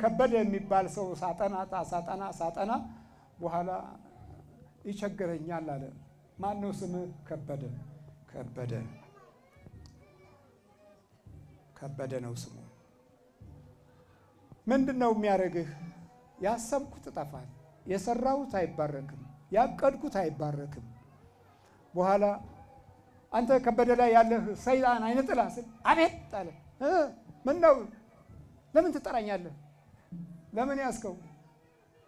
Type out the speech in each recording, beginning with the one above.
ከበደ የሚባል ሰው ሳጠና ሳጠና ሳጠና በኋላ ይቸግረኛል አለ። ነው ስም ከበደ ከበደ ከበደ ነው ስሙ። ምንድን ነው የሚያደርግህ? ያሰብኩት እጠፋል፣ የሰራሁት አይባረክም፣ ያቀድኩት አይባረክም። በኋላ አንተ ከበደ ላይ ያለህ ሰይጣን አይነ ስል አቤት አለ። ምን ነው ለምን ትጠራኛለህ? ለምን ያስከው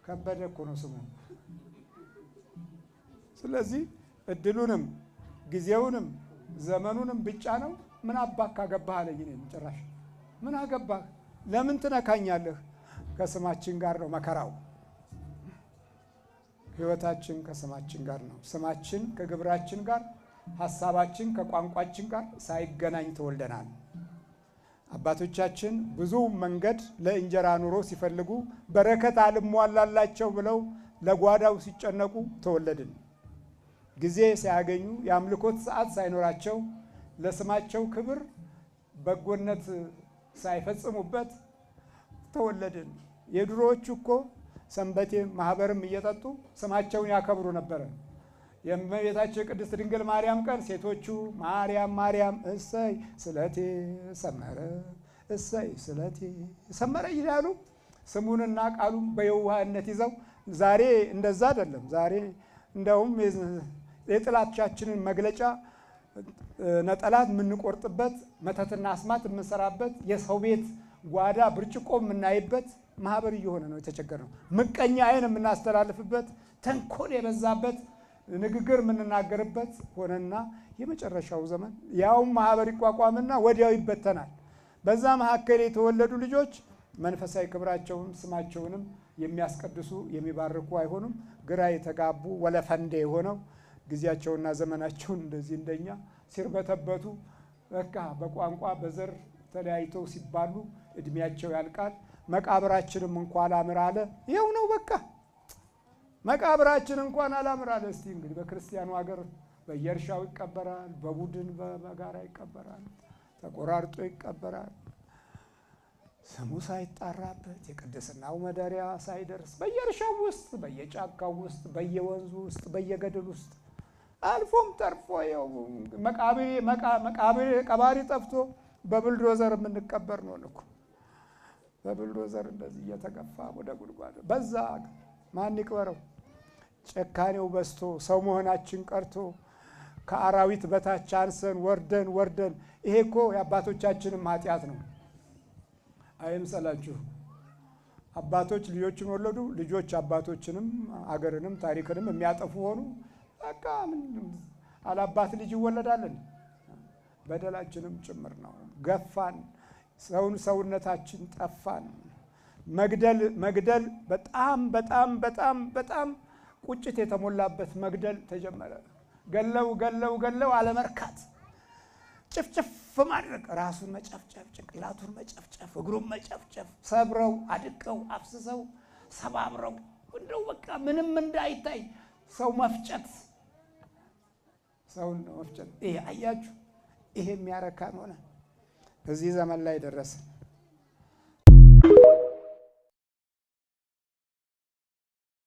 ከበደ እኮ ነው ስሙ። ስለዚህ እድሉንም ጊዜውንም ዘመኑንም ብጫ ነው። ምን አባህ ካገባህ አለኝ። እኔም ጭራሽ ምን አገባህ? ለምን ትነካኛለህ? ከስማችን ጋር ነው መከራው። ህይወታችን ከስማችን ጋር ነው። ስማችን ከግብራችን ጋር፣ ሀሳባችን ከቋንቋችን ጋር ሳይገናኝ ተወልደናል። አባቶቻችን ብዙ መንገድ ለእንጀራ ኑሮ ሲፈልጉ በረከት አልሟላላቸው ብለው ለጓዳው ሲጨነቁ ተወለድን። ጊዜ ሳያገኙ የአምልኮት ሰዓት ሳይኖራቸው ለስማቸው ክብር በጎነት ሳይፈጽሙበት ተወለድን። የድሮዎቹ እኮ ሰንበቴ ማህበርም እየጠጡ ስማቸውን ያከብሩ ነበረ። የእመቤታችን ቅድስት ድንግል ማርያም ቀን ሴቶቹ ማርያም ማርያም እሰይ ስለቴ ሰመረ እሰይ ስለቴ ሰመረ ይላሉ። ስሙንና ቃሉን በየዋህነት ይዘው ዛሬ እንደዛ አይደለም። ዛሬ እንደውም የጥላቻችንን መግለጫ ነጠላት የምንቆርጥበት፣ መተትና አስማት የምንሰራበት፣ የሰው ቤት ጓዳ ብርጭቆ የምናይበት ማህበር እየሆነ ነው የተቸገረ ነው። ምቀኛ አይን የምናስተላልፍበት፣ ተንኮል የበዛበት ንግግር የምንናገርበት ሆነና የመጨረሻው ዘመን ያውም ማህበር ይቋቋምና ወዲያው ይበተናል። በዛ መካከል የተወለዱ ልጆች መንፈሳዊ ክብራቸውን ስማቸውንም የሚያስቀድሱ የሚባርኩ አይሆኑም። ግራ የተጋቡ ወለፈንዴ የሆነው ጊዜያቸውና ዘመናቸውን እንደዚህ እንደኛ ሲርበተበቱ በቃ በቋንቋ በዘር ተለያይተው ሲባሉ እድሜያቸው ያልቃል። መቃብራችንም እንኳ ላምር አለ። ይኸው ነው በቃ መቃብራችን እንኳን አላምራል። እስቲ እንግዲህ በክርስቲያኑ ሀገር በየእርሻው ይቀበራል፣ በቡድን በጋራ ይቀበራል፣ ተቆራርጦ ይቀበራል። ስሙ ሳይጣራበት የቅድስናው መደሪያ ሳይደርስ በየእርሻው ውስጥ በየጫካው ውስጥ በየወንዙ ውስጥ በየገደል ውስጥ አልፎም ተርፎ መቃብሬ ቀባሪ ጠፍቶ በብልዶዘር የምንቀበር ነው እኮ። በብልዶዘር እንደዚህ እየተገፋ ወደ ጉድጓድ በዛ ማን ይቅበረው? ጨካኔው በዝቶ ሰው መሆናችን ቀርቶ ከአራዊት በታች አንሰን ወርደን ወርደን ይሄ እኮ የአባቶቻችንም ኃጢአት ነው አይምሰላችሁ። አባቶች ልጆችን ወለዱ፣ ልጆች አባቶችንም አገርንም ታሪክንም የሚያጠፉ ሆኑ። በቃ አላባት ልጅ ይወለዳልን? በደላችንም ጭምር ነው። ገፋን፣ ሰውን ሰውነታችን ጠፋን። መግደል መግደል በጣም በጣም በጣም በጣም ቁጭት የተሞላበት መግደል ተጀመረ። ገለው ገለው ገለው አለመርካት፣ ጭፍጭፍ ማድረግ፣ ራሱን መጨፍጨፍ፣ ጭንቅላቱን መጨፍጨፍ፣ እግሩን መጨፍጨፍ፣ ሰብረው አድቀው አፍስሰው ሰባብረው እንደው በቃ ምንም እንዳይታይ ሰው መፍጨት፣ ሰውን መፍጨት። ይሄ አያችሁ፣ ይሄ የሚያረካን ሆነ። እዚህ ዘመን ላይ ደረሰ።